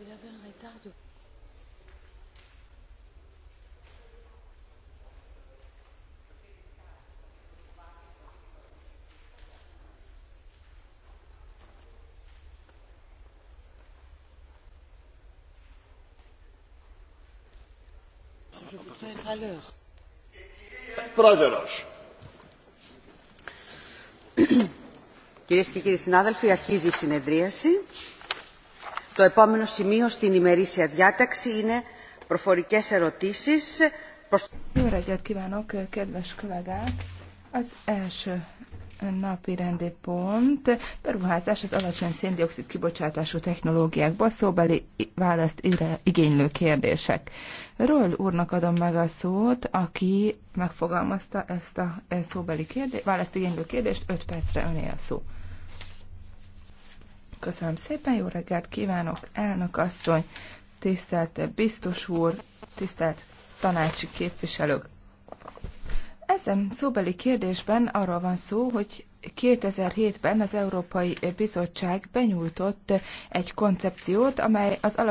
Il avait un retard de Je voudrais être à l'heure. Πρόεδρος. Κυρίες και κύριοι συνάδελφοι, αρχίζει η συνεδρίαση. Το επόμενο σημείο στην ημερήσια διάταξη είναι προφορικές ερωτήσεις. Jó reggelt kívánok, kedves kollégák! Az első napi rendi pont. Beruházás az alacsony széndiokszid kibocsátású technológiákba szóbeli választ igénylő kérdések. Ról úrnak adom meg a szót, aki megfogalmazta ezt a szóbeli kérdést, választ igénylő kérdést. 5 percre öné a szó. Köszönöm szépen, jó reggelt kívánok, elnök asszony, tisztelt biztos úr, tisztelt tanácsi képviselők. Ezen szóbeli kérdésben arról van szó, hogy 2007-ben az Európai Bizottság benyújtott egy koncepciót, amely az alap